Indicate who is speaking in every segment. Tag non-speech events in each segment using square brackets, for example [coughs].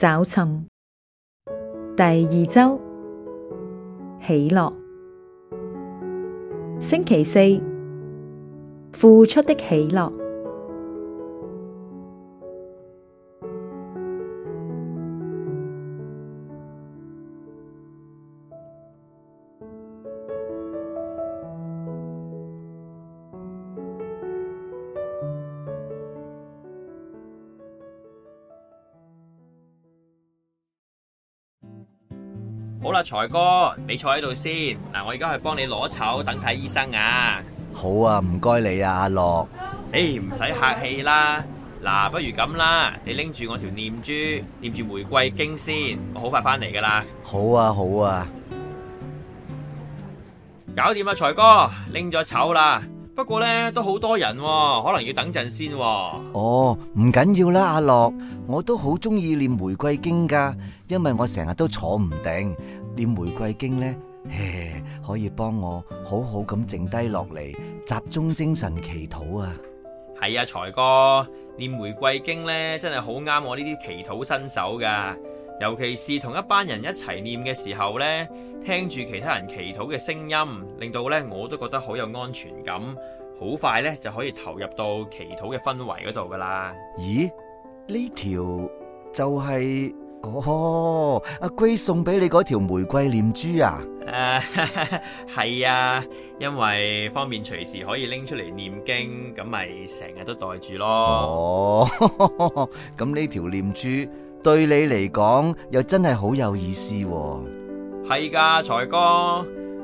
Speaker 1: 找尋第二週喜樂，星期四付出的喜樂。
Speaker 2: 好啦，財哥，你坐喺度先。嗱，我而家去幫你攞籌，等睇醫生啊。
Speaker 3: 好啊，唔該你啊，阿樂。
Speaker 2: 誒，唔使客氣啦。嗱，不如咁啦，你拎住我條念珠，念住玫瑰經先，我好快返嚟㗎喇。
Speaker 3: 好啊，好啊。
Speaker 2: 搞掂啦，財哥，拎咗籌啦。不過咧，都好多人喎，可能要等陣先。哦，
Speaker 3: 唔緊要啦，阿樂，我都好鍾意念玫瑰經噶，因為我成日都坐唔定，念玫瑰經咧，可以幫我好好咁靜低落嚟，集中精神祈禱啊。
Speaker 2: 係啊，財哥，念玫瑰經咧，真係好啱我呢啲祈禱新手噶。尤其是同一班人一齊念嘅時候呢，聽住其他人祈禱嘅聲音，令到呢我都覺得好有安全感，好快呢就可以投入到祈禱嘅氛圍嗰度㗎喇。
Speaker 3: 咦？呢條就係、是、哦，阿 Grace 送俾你嗰條玫瑰念珠啊？
Speaker 2: 誒、啊，係 [laughs] 啊，因為方便隨時可以拎出嚟念經，咁咪成日都袋住咯。
Speaker 3: 哦，咁 [laughs] 呢條念珠。對你嚟講又真係好有意思喎。
Speaker 2: 哦，係噶，財哥，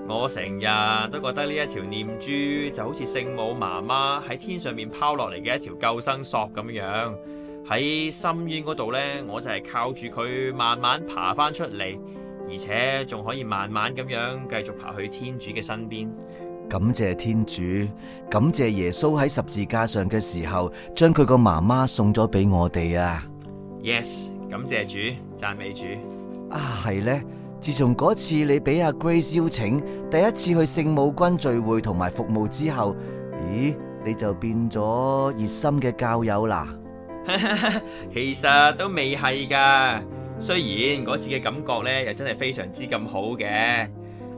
Speaker 2: 我成日都覺得呢一條念珠就好似聖母媽媽喺天上面拋落嚟嘅一條救生索咁樣，喺深淵嗰度呢，我就係靠住佢慢慢爬翻出嚟，而且仲可以慢慢咁樣繼續爬去天主嘅身邊。
Speaker 3: 感謝天主，感謝耶穌喺十字架上嘅時候將佢個媽媽送咗俾我哋啊
Speaker 2: ！Yes。感謝主，讚美主
Speaker 3: 啊，係呢。自從嗰次你俾阿 Grace 邀請，第一次去聖母軍聚會同埋服務之後，咦，你就變咗熱心嘅教友啦。
Speaker 2: [laughs] 其實都未係噶，雖然嗰次嘅感覺呢，又真係非常之咁好嘅，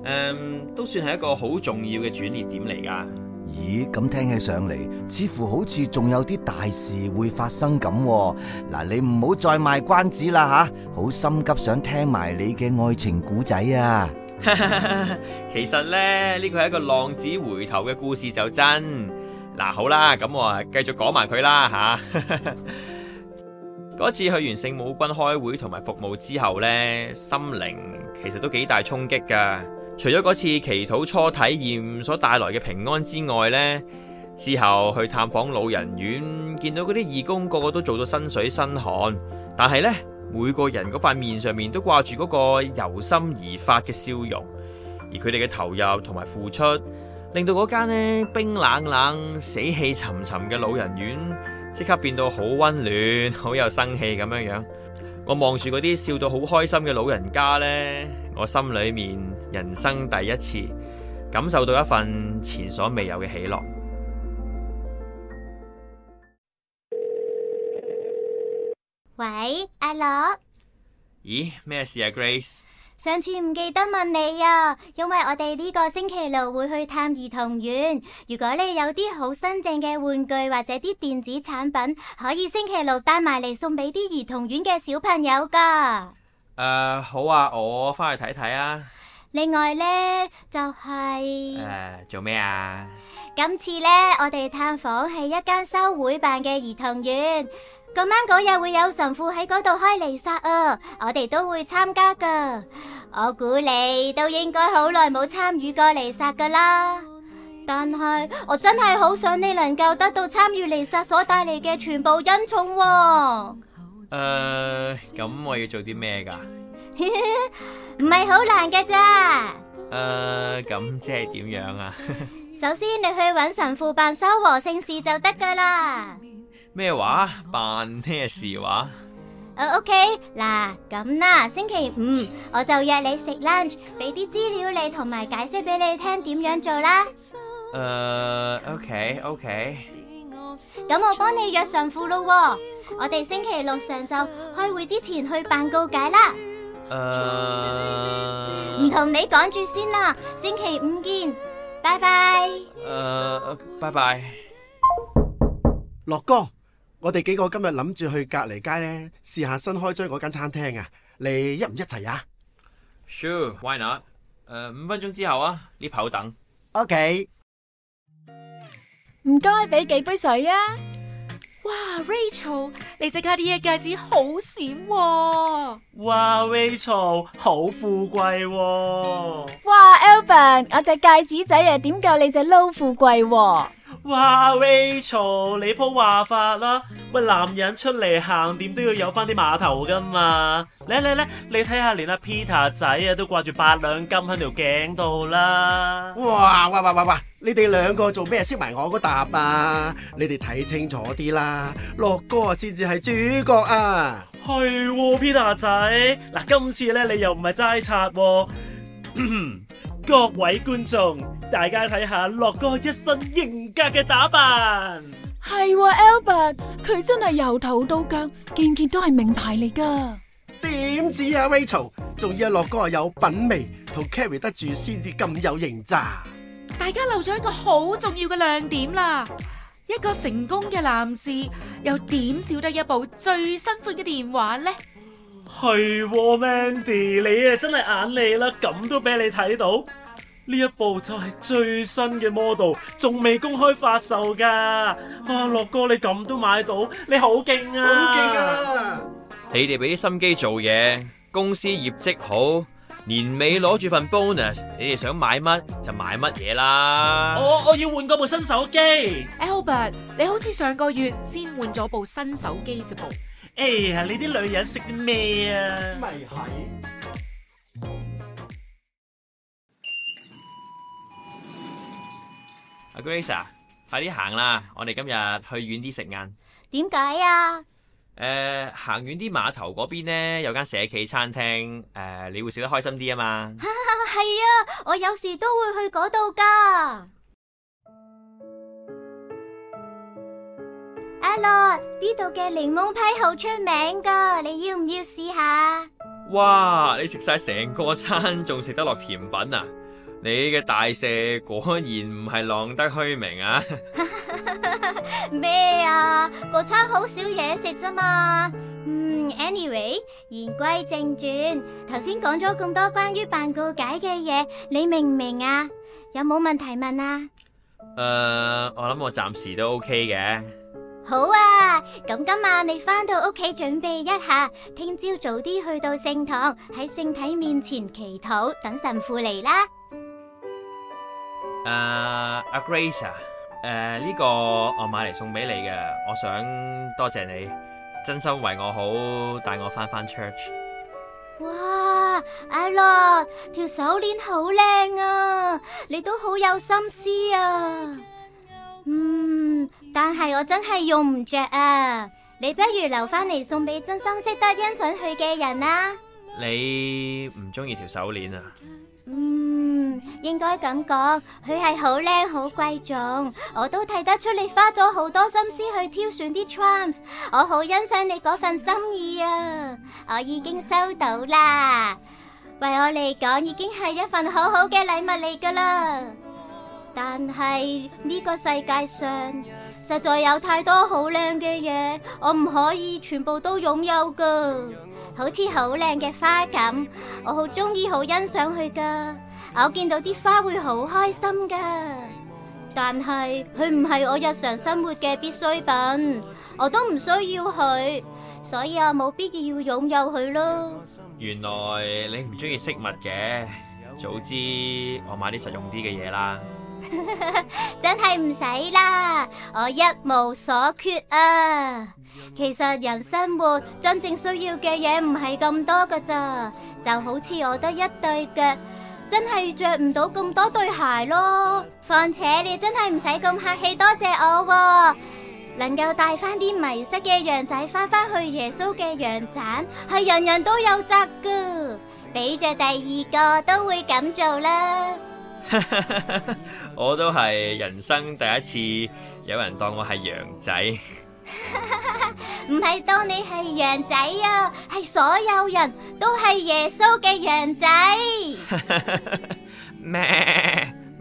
Speaker 2: 嗯，都算係一個好重要嘅轉捩點嚟噶。
Speaker 3: 咦，咁聽起上嚟，似乎好似仲有啲大事會發生咁喎。嗱，你唔好再賣關子啦吓，好心急想聽埋你嘅愛情故仔啊。
Speaker 2: [laughs] 其實呢，呢個係一個浪子回頭嘅故事就真。嗱，好啦，咁我啊繼續講埋佢啦吓。嗰 [laughs] 次去完聖母軍開會同埋服務之後呢，心靈其實都幾大衝擊噶。除咗嗰次祈禱初體驗所帶來嘅平安之外呢，之後去探訪老人院，見到嗰啲義工個個都做到身水身汗，但係呢，每個人嗰塊面上面都掛住嗰個由心而發嘅笑容，而佢哋嘅投入同埋付出，令到嗰間呢冰冷冷、死氣沉沉嘅老人院即刻變到好温暖、好有生氣咁樣樣。我望住嗰啲笑到好開心嘅老人家呢。我心裏面，人生第一次，感受到一份前所未有嘅喜樂。
Speaker 4: 喂，阿樂？
Speaker 2: 咦，咩事呀，Grace？
Speaker 4: 上次唔記得問你啊，因為我哋呢個星期六會去探兒童院，如果你有啲好新淨嘅玩具或者啲電子產品，可以星期六帶埋嚟送俾啲兒童院嘅小朋友㗎。
Speaker 2: 誒，uh, 好啊，我返去睇睇啊。
Speaker 4: 另外呢，就係、是、誒，uh,
Speaker 2: 做咩啊？
Speaker 4: 今次呢，我哋探訪係一間修會辦嘅兒童院。咁啱嗰日會有神父喺嗰度開彌撒啊，我哋都會參加噶。我估你都應該好耐冇參與過彌撒噶啦。但係我真係好想你能夠得到參與彌撒所帶嚟嘅全部恩寵、喎。
Speaker 2: 誒，咁我要做啲咩噶？
Speaker 4: 唔係好難噶咋。
Speaker 2: 誒，咁即係點樣啊？
Speaker 4: 首先你去搵神父辦修和聖事就得噶啦。
Speaker 2: 咩話？辦咩事話？
Speaker 4: 誒，OK，嗱，咁啦，星期五我就約你食 lunch，俾啲資料你同埋解釋俾你聽點樣做啦。
Speaker 2: 誒，OK，OK。
Speaker 4: 咁我幫你約神父咯，我哋星期六上晝開會之前去辦告解啦。
Speaker 2: 唔同
Speaker 4: 你講住先啦，星期五見，拜拜。誒，
Speaker 2: 拜拜。樂哥，
Speaker 3: 我哋幾個今日諗住去隔籬街咧試下新開張嗰間餐廳啊，你一
Speaker 2: 唔一齊啊？Sure，Why not？誒，五分鐘之後啊，lift 口等。
Speaker 3: Okay。唔該，俾幾杯水啊！
Speaker 4: 哇，Rachel，你隻 Cartier 戒指好閃喎，哦！
Speaker 3: 哇，Rachel 好富貴喎，
Speaker 4: 哦！哇，Albert，我隻戒指仔
Speaker 3: 啊，點夠你隻撈富貴喎！哇 Rachel, 話魏曹你鋪話法啦，喂，男人出嚟行，點都要有翻啲碼頭噶嘛，嚟嚟嚟，你睇下連阿 Peter 仔啊都掛住八兩金喺條頸度啦。
Speaker 4: 哇，
Speaker 2: 喂喂喂喂，你哋兩個做咩燒埋我嗰疊啊？你哋睇清楚啲啦，樂哥啊先至係主角啊，
Speaker 3: 係，啊、Peter 仔，嗱，啊、今次咧你又唔係齋刷喎。 [coughs] 各位觀眾，大家睇下樂哥一身型格嘅打扮。係喎，Albert，
Speaker 1: 佢真係由頭到腳，件件都係名牌嚟噶。
Speaker 2: 點止啊 Rachel，仲要阿樂哥有品味，同 carry 得住先至咁有型咋。
Speaker 1: 大家漏咗一個好重要嘅亮點啦！一個成功嘅男士又點少得一部最新款嘅電話呢？
Speaker 3: 係喎，Mandy，你啊真係眼利啦，咁都俾你睇到。呢一部就係最新嘅 model，仲未公開發售㗎。啊，樂哥，你咁都買到，你好勁啊！好
Speaker 2: 勁啊！你哋俾啲心機做嘢，公司業績好，年尾攞住份 bonus，你哋想買乜就買乜嘢啦。我
Speaker 3: 我要換嗰部新手機。
Speaker 1: Albert，你好似上個月先換咗部新手機啫？噃哎，係你
Speaker 3: 啲女人食啲
Speaker 1: 咩
Speaker 2: 啊？咪係阿 Grace 啊，快啲行啦！我哋今日去遠啲食晏。
Speaker 4: 呃、點解啊？
Speaker 2: 誒，行遠啲碼頭嗰邊咧，有間社企餐廳誒、呃，你會食得開心啲啊嘛。
Speaker 4: 係 [laughs] 啊，我有時都會去嗰度噶。阿樂，呢度嘅檸檬批好出名㗎，你要唔要試下？
Speaker 2: 哇！你食晒成個餐，仲食得落甜品啊？你嘅大食果然唔係浪得虛名啊！
Speaker 4: 咩 [laughs] 啊，個餐好少嘢食咋嘛？嗯，anyway，言歸正傳，頭先講咗咁多關於辦告解嘅嘢，你明唔明啊？有冇問題問啊？
Speaker 2: 誒，uh, 我諗我暫時都 OK 嘅。
Speaker 4: 好啊，咁今晚你翻到屋企準備一下，聽朝早啲去到聖堂，喺聖體面前祈禱，等神父嚟啦。
Speaker 2: 誒，阿 Grace，誒呢個我買嚟送俾你嘅，我想多謝你，真心為我好，帶我翻翻 Church。
Speaker 4: 哇，阿樂，條手鏈好靚啊，你都好有心思啊。嗯。但係我真係用唔着！啊！你不如留翻嚟，送俾真心識得欣賞佢嘅人啊。
Speaker 2: 你唔中意條手鏈？啊？嗯，
Speaker 4: 應該咁講，佢係好靚、好貴重，我都睇得出你花咗好多心思去挑選啲 charms，我好欣賞你嗰份心意啊！我已經收到啦，為我嚟講，已經係一份好好嘅禮物嚟噶啦。但係呢個世界上，實在有太多好靚嘅嘢，我唔可以全部都擁有噶。好似好靚嘅花咁，我好中意、好欣賞佢噶。我見到啲花會好開心噶，但係佢唔係我日常生活嘅必需品，我都唔需要佢，所以我冇必要擁有佢咯。
Speaker 2: 原來你唔中意飾物嘅，早知我買啲實用啲嘅嘢啦。
Speaker 4: [laughs] 真係唔使啦，我一無所缺啊！其實人生活真正需要嘅嘢唔係咁多噶咋，就好似我得一對腳，真係着唔到咁多對鞋咯。況且你真係唔使咁客氣，多謝我、啊、能夠帶翻啲迷失嘅羊仔翻返去耶穌嘅羊棧，係人人都有責噶，俾着第二個都會咁做啦。
Speaker 2: [laughs] 我都係人生第一次有人當我係羊仔。
Speaker 4: 唔係當你係羊仔啊，係所有人都係耶穌嘅羊仔。咩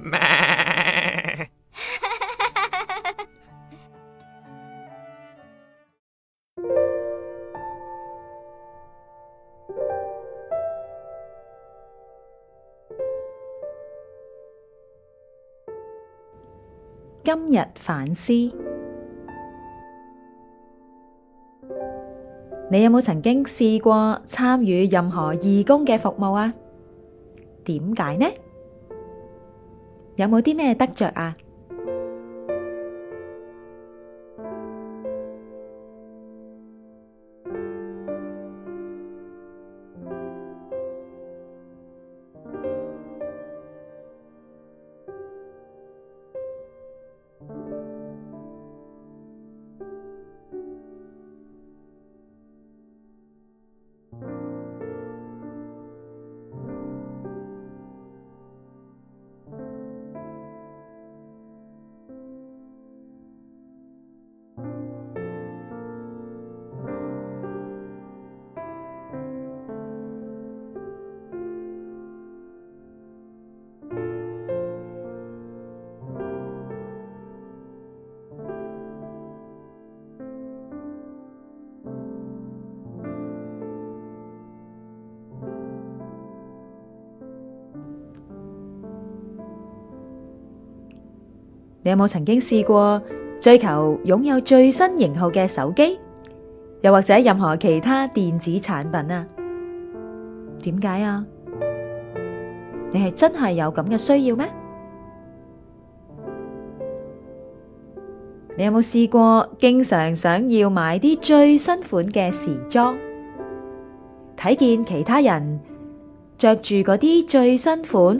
Speaker 4: 咩？
Speaker 1: 今日反思，你有冇曾經試過參與任何義工嘅服務啊？點解呢？有冇啲咩得着啊？你有冇曾經試過追求擁有最新型號嘅手機，又或者任何其他電子產品啊？點解啊？你係真係有咁嘅需要咩？你有冇試過經常想要買啲最新款嘅時裝？睇見其他人着住嗰啲最新款？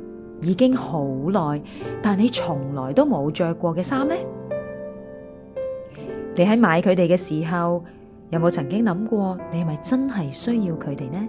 Speaker 1: 已經好耐，但你從來都冇着過嘅衫呢？你喺買佢哋嘅時候，有冇曾經諗過你係咪真係需要佢哋呢？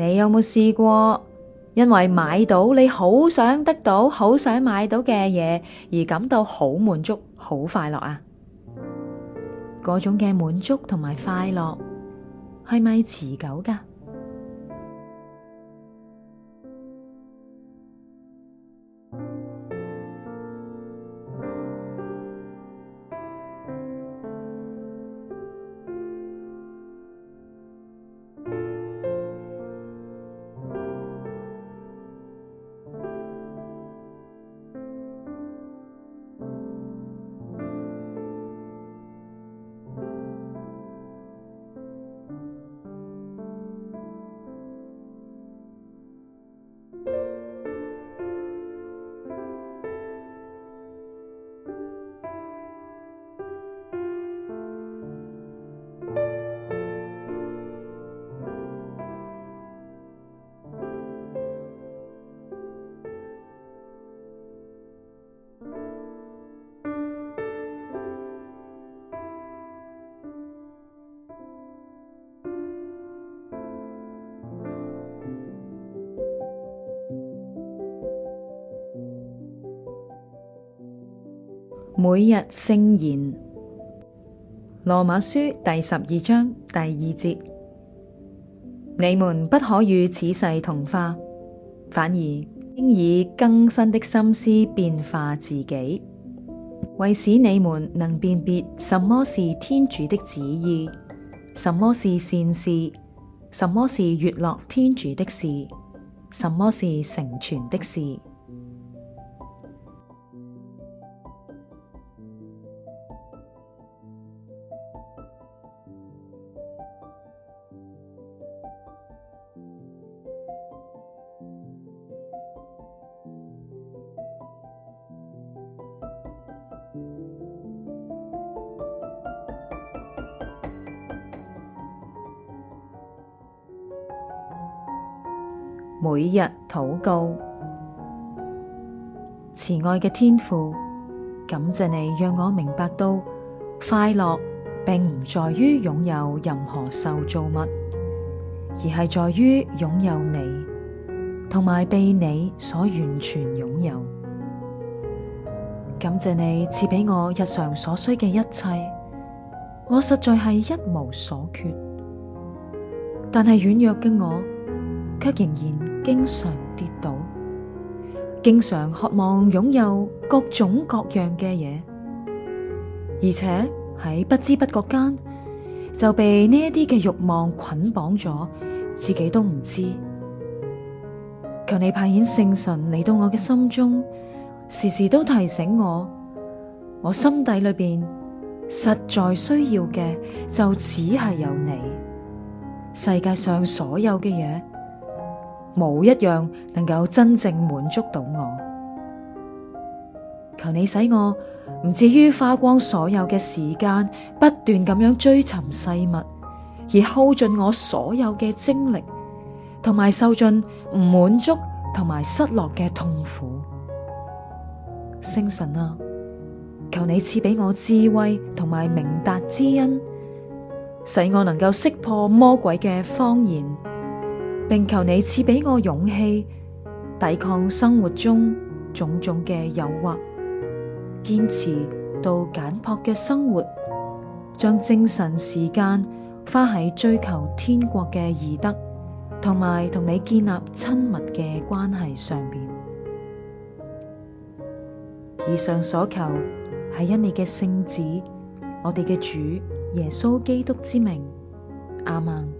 Speaker 1: 你有冇試過因為買到你好想得到、好想買到嘅嘢而感到好滿足、好快樂啊？嗰種嘅滿足同埋快樂係咪持久㗎？每日聖言，羅馬書第十二章第二節：你們不可與此世同化，反而應以更新的心思變化自己，為使你們能辨別什麼是天主的旨意，什麼是善事，什麼是悅樂天主的事，什麼是成全的事。每日禱告，慈愛嘅天父，感謝你讓我明白到快樂並唔在於擁有任何受造物，而係在於擁有你，同埋被你所完全擁有。感謝你賜俾我日常所需嘅一切，我實在係一無所缺，但係軟弱嘅我却仍然。經常跌倒，經常渴望擁有各種各樣嘅嘢，而且喺不知不覺間就被呢一啲嘅欲望捆綁咗，自己都唔知。求你派遣聖神嚟到我嘅心中，時時都提醒我，我心底裏面實在需要嘅就只係有你。世界上所有嘅嘢，冇一樣能夠真正滿足到我，求你使我唔至於花光所有嘅時間，不斷咁樣追尋世物，而耗盡我所有嘅精力，同埋受盡唔滿足同埋失落嘅痛苦。聖神啊，求你賜俾我智慧同埋明達之恩，使我能夠識破魔鬼嘅謊言。並求你賜俾我勇氣，抵抗生活中種種嘅誘惑，堅持到簡樸嘅生活，將精神時間花喺追求天國嘅義德，同埋同你建立親密嘅關係上邊。以上所求係因你嘅聖子，我哋嘅主耶穌基督之名，阿門。